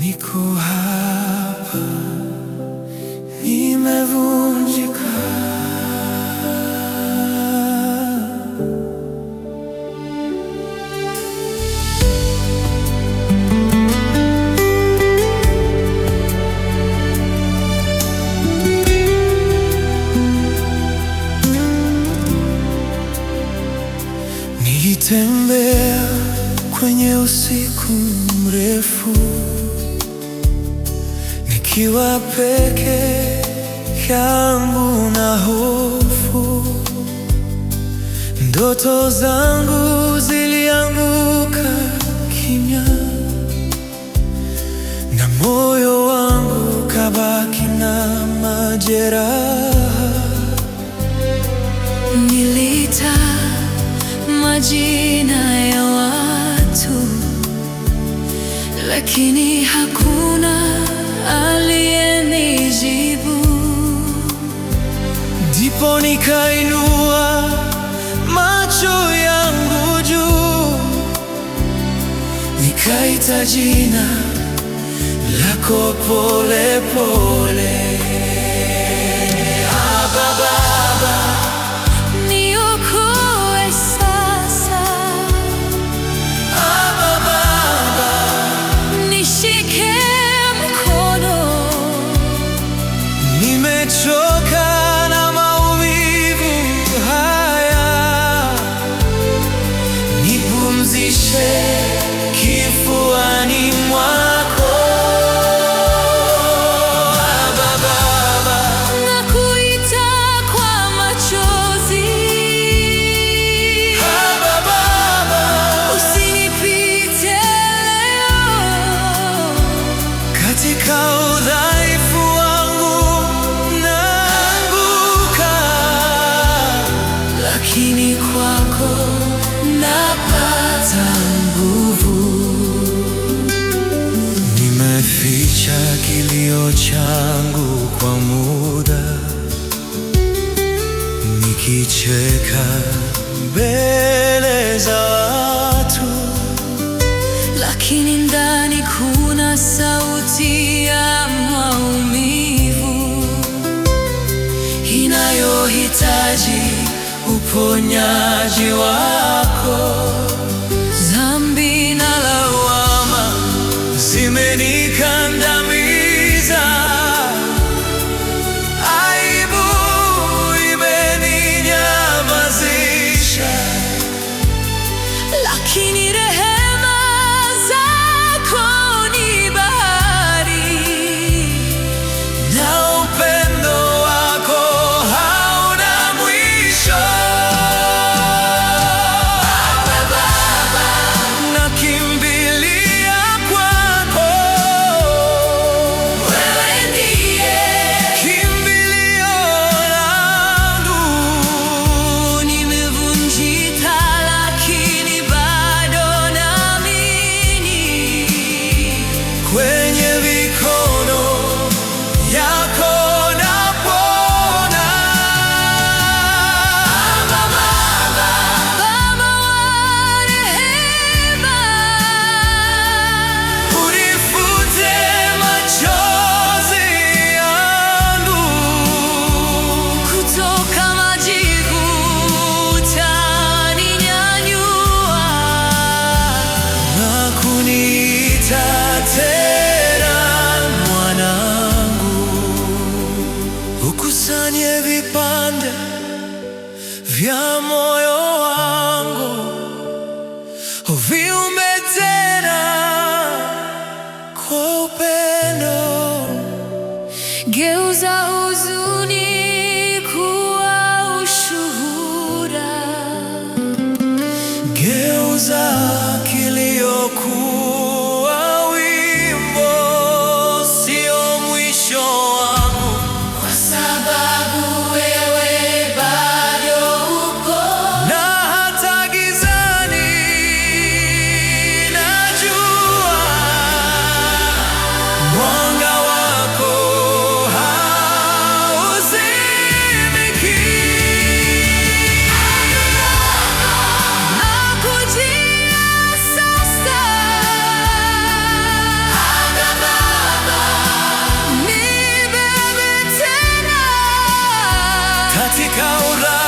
Niko hapa nimevunjika, nilitembea kwenye usiku mrefu Nikiwa peke yangu na hofu, ndoto zangu zilianguka kimya, na moyo wangu kabaki na majeraha. nilita majina ya watu, lakini hakuna aliyenijibu. Ndipo nikainua macho yangu juu, nikaita jina lako polepole pole. nimechoka na maumivu haya, nipumzishe Acha kilio changu kwa muda, nikicheka mbele za watu, lakini ndani kuna sauti ya maumivu inayohitaji uponyaji wako. Si me di candami vya moyo wangu uviumbe tena kwa upendo, geuza huzuni Attica, Ural.